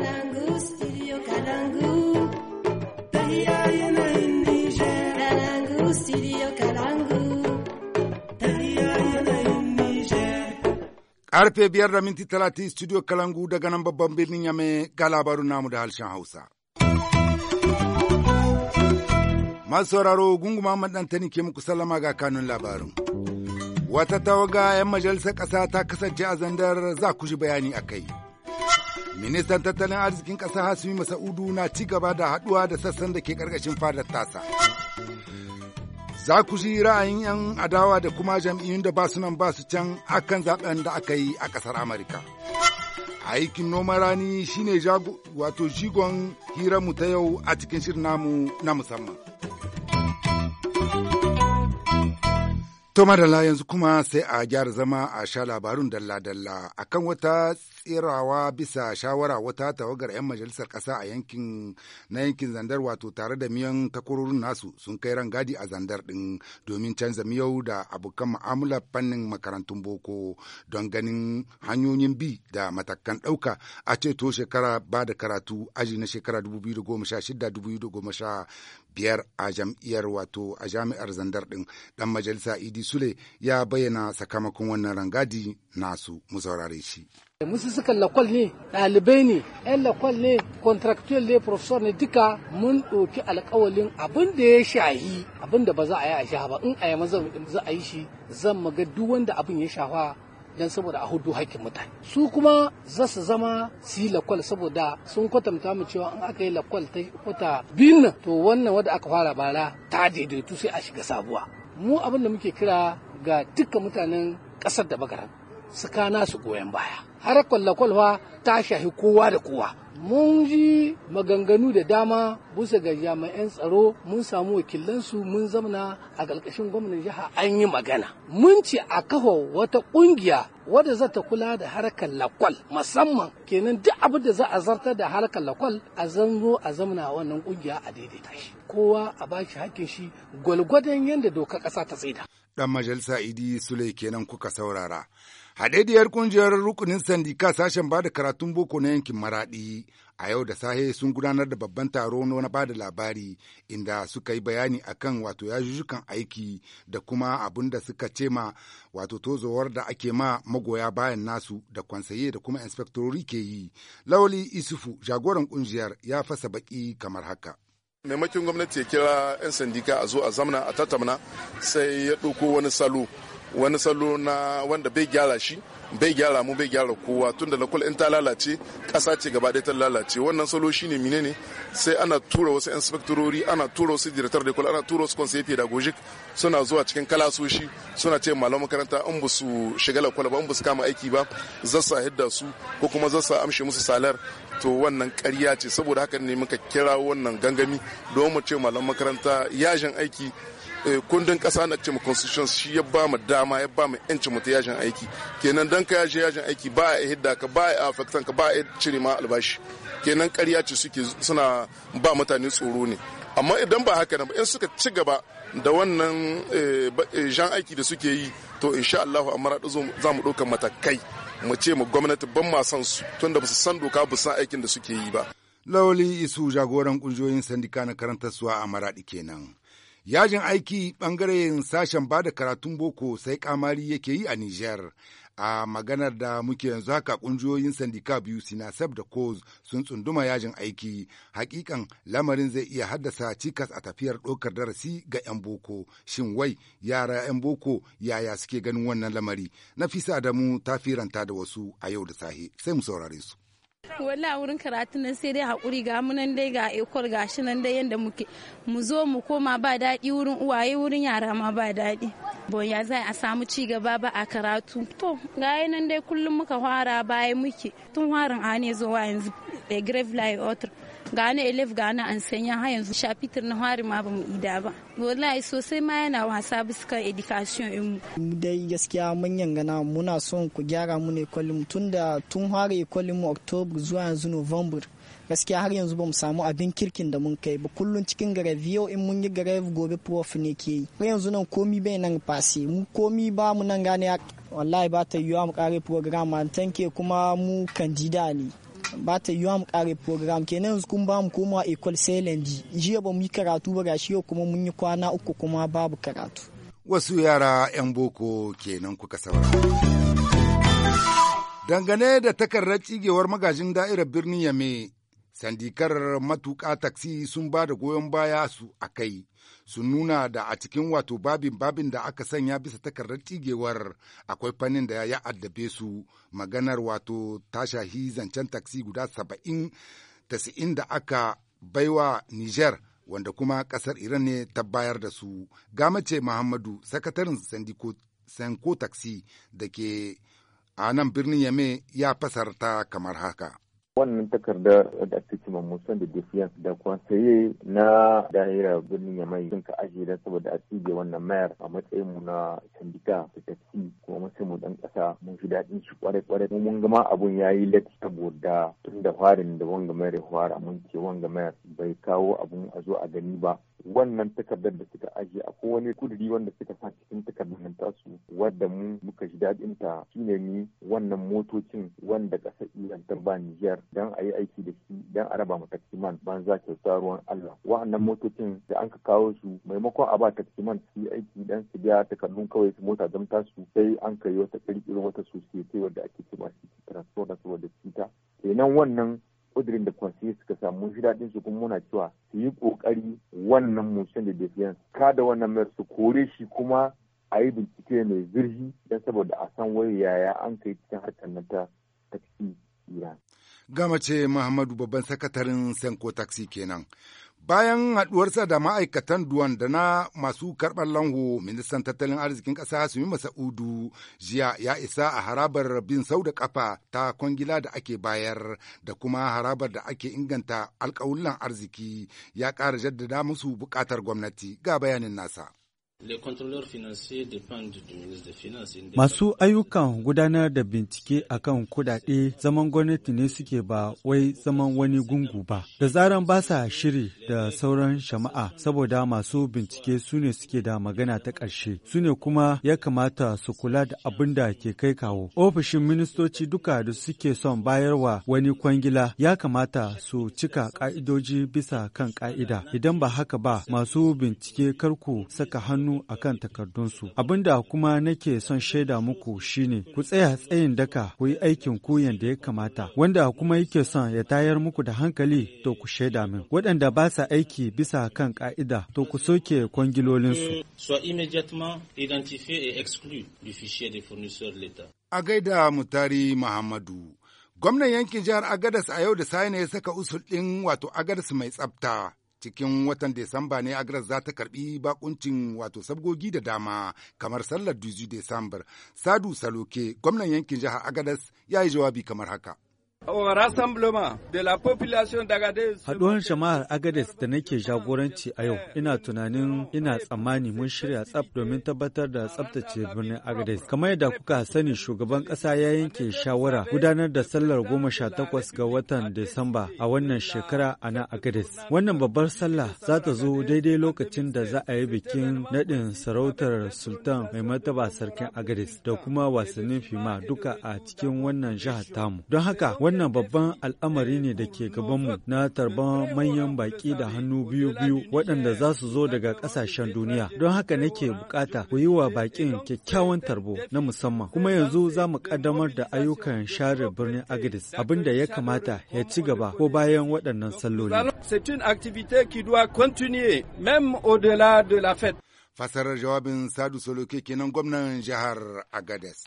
Kalangu, Karfe biyar da minti talatin studio Kalangu daga nan babban birnin Yame ga labarun namu da harshen Hausa. Masu sauraro gunguma maɗantani ke muku sallama ga kanun labarun. Wata tawaga 'yan majalisar ƙasa ta kasance a zandar za ku ji bayani a kai. Ministan tattalin arzikin ƙasa Hasumi Masa'udu na ci gaba da haɗuwa da sassan da ke ƙarƙashin fadar tasa. Za ku ji ra'ayin 'yan adawa da kuma jam'iyyun da ba su nan ba su can akan zaɓen da aka yi a ƙasar Amurka. Aikin noman rani shine wato jigon hiranmu ta yau a cikin shirin namu na musamman. To madalla yanzu kuma sai a gyara zama a sha labarun dalla-dalla akan wata tsirawa bisa shawara wata tawagar 'yan majalisar ƙasa a yankin na yankin zandar wato tare da miyan takwarorin nasu sun kai rangadi a zandar ɗin domin canza miyau da abokan mu'amala fannin makarantun boko don ganin hanyoyin bi da matakan ɗauka a ceto shekara ba da karatu aji na shekara biyar a jam'iyyar wato a jami'ar zandar din ɗan majalisa idi sule ya bayyana sakamakon wannan rangadi nasu mu saurare shi. musu suka lakwal ne ɗalibai ne yan lakwal ne contractual ne professor ne duka mun ɗauki alkawalin abin da ya shahi abin da ba za a yi a sha ba in a yi maza za a yi shi zan maga duk wanda abin ya shafa don saboda a hudu haƙƙin mutane su kuma za su zama si lakwal saboda sun kwatanta mu cewa in aka yi lakwal ta kwata biyun nan to wannan wadda aka fara bara ta daidaitu sai a shiga sabuwa mu abin da muke kira ga dukkan mutanen ƙasar da bagara su kana su goyon baya har fa ta shahi kowa da kowa mun ji maganganu da dama busa ga jami'an tsaro mun samu wakilansu mun zamna a ƙarƙashin gwamnan jiha an yi magana mun ci a kafa wata ƙungiya wadda za ta kula da harkar lakwal musamman kenan duk abin da za a zartar da harkar lakwal a zanzo a zamna wannan ƙungiya a daidaita shi kowa a bashi hakkin shi gwalgwadon yadda dokar ƙasa ta tsida. dan majalisa idi sule kenan kuka saurara Haɗaɗiyar ƙungiyar rukunin sandika sashen ba da karatun boko na yankin Maraɗi a yau da sahe sun gudanar da babban taro na ba da labari inda suka yi bayani a kan wato jujukan aiki da kuma abin da suka ce ma wato tozowar da ake ma magoya bayan nasu da kwansaye da kuma inspektorori ke yi. Lawali Isufu jagoran ƙungiyar ya fasa baki kamar haka. maimakin gwamnati ya kira 'yan sandika a zo a zamana a tattamna sai ya ɗauko wani salo wani salo na wanda bai gyara shi bai gyara mu bai gyara kowa tunda lakul in ta lalace ƙasa ce gaba ɗaya ta lalace wannan salo shi ne mine ne sai ana tura wasu inspectorori ana tura wasu director da ana tura wasu conseil pedagogic suna zuwa cikin kalasoshi suna ce malaman makaranta in ba su shiga lakul ba in ba su kama aiki ba zassa hidda su ko kuma zassa amshe musu salar to wannan ƙarya ce saboda haka ne muka kira wannan gangami don mu ce malaman makaranta yajin aiki Eh, kundin kasa na ce constitution shi ya ba mu dama ya ba mu yancin mu ta yajin aiki kenan dan ka yaje yajin aiki ba a hidda ka ba a affectan ka ba a cire ma albashi kenan karya ce suke suna ba mutane tsoro ne amma idan ba haka nan ba in suka ci gaba da wannan eh, eh, jan aiki da suke yi to insha Allah amma za mu ɗaukar matakai mu ce mu gwamnati ban ma san su tun da ba su san doka ba san aikin da suke yi ba. Lawali Isu jagoran kungiyoyin sandika na karantarsuwa a maraɗi kenan. Yajin aiki ɓangaren sashen ba da karatun boko sai kamari yake yi a Nijar. A maganar da muke yanzu haka ƙungiyoyin sandika biyu sinasab da Koz sun tsunduma yajin aiki. Hakikan lamarin zai iya haddasa cikas a tafiyar ɗaukar darasi ga 'yan boko. Shin wai yara 'yan boko yaya suke ganin wannan lamari? na fisa da mu ta firanta da wasu a yau da sahe. Sai mu saurare su. Wala wurin karatu nan sai dai haƙuri ga mu dai ga ekol ga shi nan dai yadda muke mu zo mu koma ba daɗi wurin uwaye wurin yara ma ba daɗi. Bonya za a samu ci gaba ba a karatu. To ga nan dai kullum muka fara baya muke tun harin a ne zuwa yanzu da grave life ga elif elef an sanya ha yanzu fitar na hari ma ba mu ida ba wallahi sosai ma yana wasa bisa education in mu dai gaskiya mun gana muna son ku gyara mu ne kwalin tun da tun hari kwalin mu october zuwa yanzu november gaskiya har yanzu ba mu samu abin kirkin da mun kai ba kullum cikin gare yau in mun yi gare gobe prof ne ke yi har yanzu nan komi bai nan fasi mu komi ba mu nan gane wallahi ba ta yiwuwa mu kare program tanke kuma mu kandida ne ba ta yiwa mu kare program kenan yanzu kun ba mu komawa ecole sai landi jiya ba mu yi karatu ba gashi yau kuma mun yi kwana uku kuma babu karatu wasu yara 'yan boko kenan kuka saurara dangane da takardar cigewar magajin da'irar birnin yame sandikar matuƙa taksi sun ba da goyon baya su a kai sun nuna da a cikin wato babin babin da aka sanya bisa takardar tigewar akwai fannin da ya addabe su maganar wato tashahi zancen taksi guda saba'in tasi'in da aka baiwa niger wanda kuma ƙasar iran ne ta bayar da su gamace muhammadu sakataren sanko taksi da ke a nan birnin yame ya fasarta kamar haka wannan takarda da ake cewa musan da defiance da kwansaye na daira birnin yamai sun ka ajiye don saboda a cije wannan mayar a matsayin mu na sandika da tafi kuma masu mu dan kasa mun fi daɗin shi kwarai kwarai mun gama abun ya yi lati saboda tun da farin da wanga mayar ya fara mun ce wanga mayar bai kawo abun a zo a gani ba wannan takardar da suka aje a ko wani kuduri wanda suka sa cikin takardar nan tasu wadda mu muka ji daɗin ta shine ni wannan motocin wanda kasa Iran ta ba Niger dan a yi aiki da shi dan a raba ma ban banza kyauta ruwan Allah wa'annan motocin da an ka kawo su maimakon a ba taksiman su yi aiki dan su biya takardun kawai su mota don tasu sai an kai wata ƙirƙiro wata sosai wadda ake cewa shi transport da saboda cuta, kenan wannan kudirin da kwansiye suka samu shi daɗin su kuma muna cewa su yi ƙoƙari wannan motion da defiance da wannan mayar su kore shi kuma a yi bincike mai zurfi don saboda a san wai yaya an kai cikin harkar nan ta taksi iran. Gama ce Muhammadu babban sakataren Senko Taxi kenan. Bayan haɗuwarsa da ma'aikatan duwan da na masu karɓar lanho, ministan tattalin arzikin ƙasa Sumima Sa'udu jiya ya isa a harabar bin sau da ƙafa ta kwangila da ake bayar da kuma harabar da ake inganta alƙawullan arziki ya ƙara jaddada musu buƙatar gwamnati ga bayanin nasa. Masu ayyukan gudanar da bincike a kan kudade zaman gwamnati ne suke ba wai zaman wani gungu ba. Da zaran ba sa shiri da sauran shama'a saboda masu bincike su ne suke da magana ta ƙarshe, su ne kuma ya kamata su kula da abin da ke kai kawo. Ofishin ministoci duka da suke son bayarwa wani kwangila ya kamata su cika ƙa'idoji bisa kan ƙa'ida. Idan ba haka ba masu bincike karku saka hannu hannu kan takardunsu. Abinda kuma nake son shaida muku shine ku tsaya tsayin daka ku yi aikin ku da ya kamata. Wanda kuma yake son ya tayar muku da hankali to ku shaida min. Waɗanda ba sa aiki bisa kan ka'ida to ku soke kwangilolinsu. A gaida mutari Muhammadu. Gwamnan yankin jihar Agadas a yau da sani ya saka usul ɗin wato Agadas mai tsafta. cikin watan Desamba ne Agras za ta karbi bakuncin wato sabgogi da dama kamar sallar 12 Desambar. Sadu Saloke, gwamnan yankin jihar Agadas ya yi jawabi kamar haka. Haɗuwar jama'ar Agades da nake jagoranci a yau, ina tunanin ina tsammani mun shirya tsaf domin tabbatar da tsabtace birnin Agades. Kamar yadda kuka sani shugaban ƙasa ya yanke shawara gudanar da sallar goma sha takwas ga watan Disamba a wannan shekara a nan Agades. Wannan babbar sallah za ta zo daidai lokacin da za a yi bikin naɗin sarautar Sultan mai martaba sarkin Agades da kuma wasannin fima duka a cikin wannan jihar tamu. Don haka Wannan babban al'amari ne da ke gabanmu na tarban manyan baƙi da hannu biyu-biyu waɗanda za su zo daga ƙasashen duniya. Don haka nake bukata ku yi wa baƙin kyakkyawan tarbo na musamman. Kuma yanzu za mu ƙaddamar da ayyukan share birnin Agadis abin da ya kamata ya ci gaba ko bayan waɗannan salloli. Fasarar jawabin Sadu Soloke kenan gwamnan jihar Agadez.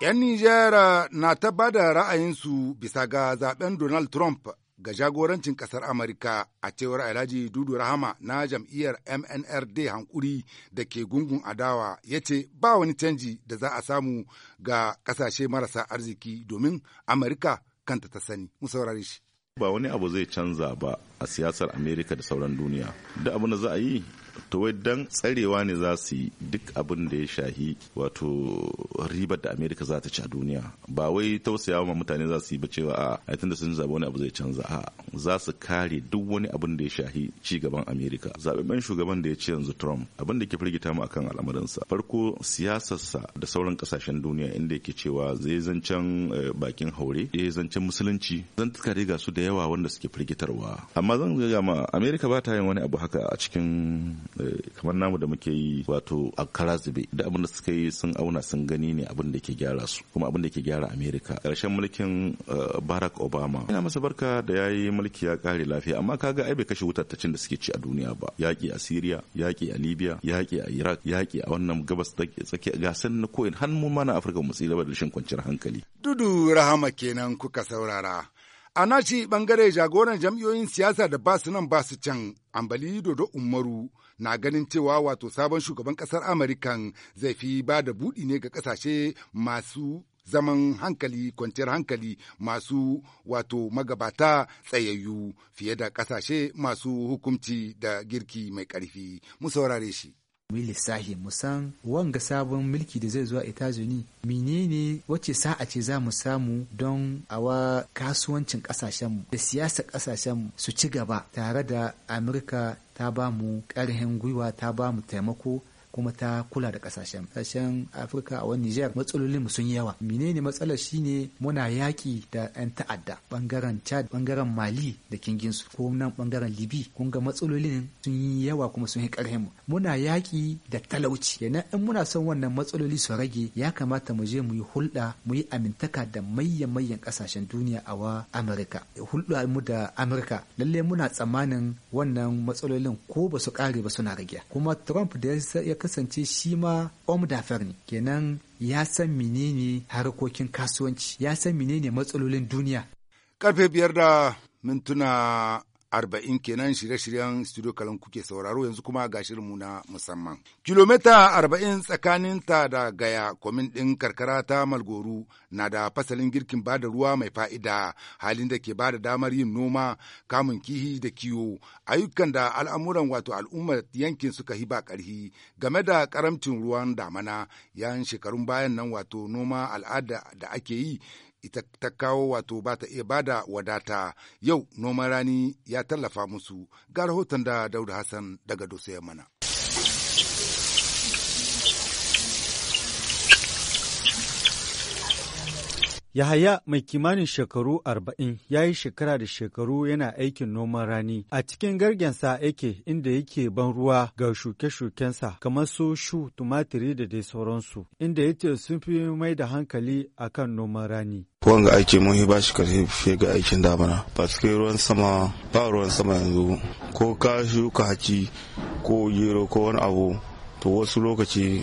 ‘Yan Nijera uh, na ta bada ra'ayinsu bisa ga zaben Donald Trump ga jagorancin ƙasar Amurka a cewar Alhaji Dudu Rahama na jam'iyyar MNRD hankuri da ke gungun adawa ya ce ba wani canji da za a samu ga ƙasashe marasa arziki domin Amurka kanta ta sani. shi. Ba wani abu zai canza ba a siyasar Amerika da sauran duniya. Da abin da za a yi to wai dan tsarewa ne za su yi duk abin da ya shahi wato ribar da amerika za ta ci a duniya ba wai tausayawa ma mutane za su yi ba cewa a tun tunda sun zaɓi wani abu zai canza a za su kare duk wani abin da ya shahi ci gaban amerika zaɓaɓɓen shugaban da ya ci yanzu trump abin da ke firgita mu akan al'amarinsa farko siyasarsa da sauran kasashen duniya inda yake cewa zai zancen eh, bakin haure zai zancen musulunci zan tuka ga su da yawa wanda suke firgitarwa amma zan ga ma amerika ba ta yin wani abu haka a cikin Eh, kamar namu da muke yi wato a karazube da abin da suka yi sun auna sun gani ne abin da ke gyara su kuma abin da ke gyara amerika ƙarshen mulkin eh, barack obama yana masa barka da ya yi mulki ya kare lafiya amma kaga ai bai kashe wutattacin da suke ci a duniya ba yaƙi a syria yaƙi a libya yaƙi a iraq yaƙi a wannan gabas tsakiya gasar na koyin hannu mana afirka mu tsira da rashin kwanciyar hankali dudu rahama kenan kuka saurara A nashi bangare jagoran jam'iyoyin siyasa da basu nan basu can, Ambali Dodo Umaru na ganin cewa wato sabon shugaban kasar Amurkan zai fi ba da buɗi ne ga ƙasashe masu zaman hankali kwanciyar hankali masu wato magabata tsayayyu fiye da ƙasashe masu hukumci da girki mai ƙarfi mu saurare shi mu lissahi mu san wanga sabon mulki da zai zuwa Itazuni menene wacce sa'a ce za mu samu don awa kasuwancin kasashenmu da siyasar kasashenmu su ci gaba tare da Amurka ta ba mu karhin gwiwa ta ba mu taimako kuma ta kula da kasashen kasashen afirka a wani niger matsalolin sun yawa menene matsalar shine muna yaki da yan ta'adda bangaren chad bangaren mali da kinginsu ko nan bangaren libi kun ga matsalolin sun yi yawa kuma sun yi karhin mu muna yaki da talauci kenan in muna son wannan matsaloli su rage ya kamata mu je mu yi hulɗa mu yi amintaka da mayyan mayyan kasashen duniya a wa amurka hulɗa mu da amurka lalle muna tsammanin wannan matsalolin ko ba su kare ba suna rage kuma trump da ya kasance shi ma omdafer ne kenan ya san menene harkokin kasuwanci ya san menene matsalolin duniya karfe biyar da mintuna arba'in kenan shirye-shiryen studio kalan kuke sauraro yanzu kuma ga shirinmu na musamman. Kilomita arba'in tsakanin ta da gaya kwamin ɗin karkara ta malgoru na da fasalin girkin ba da ruwa mai fa'ida halin da ke ba da damar yin noma kamun kihi da kiwo ayyukan da al'amuran wato al'ummar yankin suka hiba ƙarhi game da karamcin ruwan damana yan shekarun bayan nan wato noma al'ada da ake yi ita ta kawo wato ba ta iya bada wadata yau noman rani ya tallafa musu ga rahoton da Dauda Hassan daga Dosa mana. Yahaya mai kimanin shekaru arba'in ya yi shekara da shekaru yana aikin noman rani a cikin gargensa yake inda yake ban ruwa ga shuke-shukensa kamar su shu tumatiri da dai sauransu inda yace sun fi mai da hankali a kan noman rani. ga aiki mun ba shi karfi fiye ga aikin damana ba ruwan sama ba ruwan sama yanzu ko ka shuka haki ko gero ko wani abu to wasu lokaci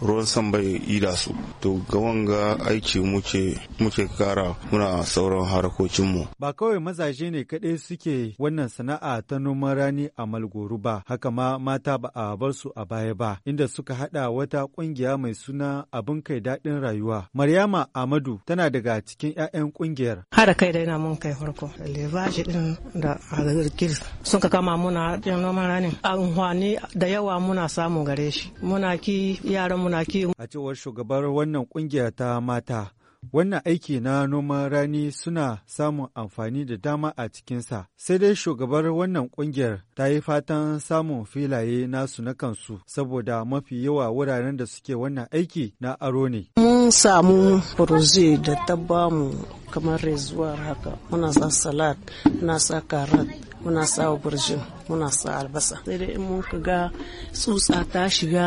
ruwan san bai da su to ga wanga aiki muke muke kara muna sauran harkokinmu ba kawai mazaje ne kadai suke wannan sana'a ta noman rani a malgoru ba haka ma mata ba a bar su a baya ba inda suka haɗa wata ƙungiya mai suna abin kai daɗin rayuwa maryama amadu tana daga cikin 'ya'yan ƙungiyar hada kai dai na mun kai farko levaji din da agirgir sun ka kama muna noman rani amfani da yawa muna samu gare shi muna ki yaran muna A cewar shugabar wannan kungiya ta mata, wannan aiki na noman rani suna samun amfani da dama a cikinsa, sai dai shugabar wannan kungiyar ta yi fatan samun filaye nasu na kansu, saboda mafi yawa wuraren da suke wannan aiki na aro ne. samu furuzi da ta bamu kamar rezuwar haka muna sa salad muna sa karat muna sa aubergine muna sa albasa sai dai in mun ga tsutsa ta shiga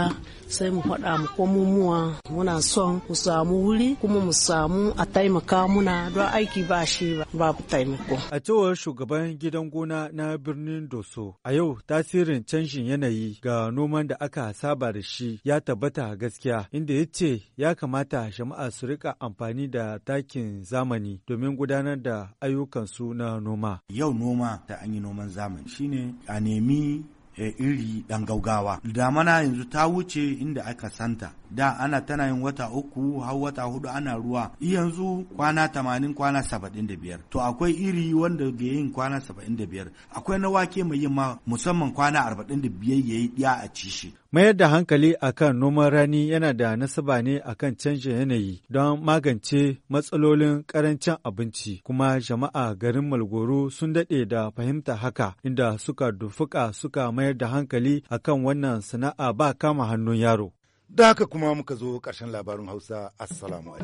sai mu faɗa mu komomuwa muna son mu samu wuri kuma mu samu a taimaka muna don aiki ba shi ba babu taimako. A cewar shugaban gidan gona na birnin Doso, a yau tasirin canjin yanayi ga noman da aka saba da shi ya tabbata gaskiya inda ya ce ya kamata jama'a su rika amfani da takin zamani domin gudanar da ayyukansu na noma. Yau noma ta an yi noman zamani shine a nemi eh, iri dan gaugawa. Damana yanzu ta wuce inda aka santa. Da ana tana yin wata uku har wata hudu ana ruwa. Yanzu kwana tamanin kwana saba'in da biyar. To akwai iri wanda ga yin kwana saba'in da biyar. Akwai na wake mai yin ma musamman kwana arba'in da biyar ya yi ɗiya a ci shi. Mayar da hankali akan noman rani yana da nasaba ne akan canjin yanayi don magance matsalolin karancin abinci kuma jama'a garin Malgoro sun daɗe da fahimta haka inda suka dufuka suka mayar da hankali akan wannan sana'a ba kama hannun yaro. Da haka kuma muka zo ƙarshen labarin Hausa, Assalamu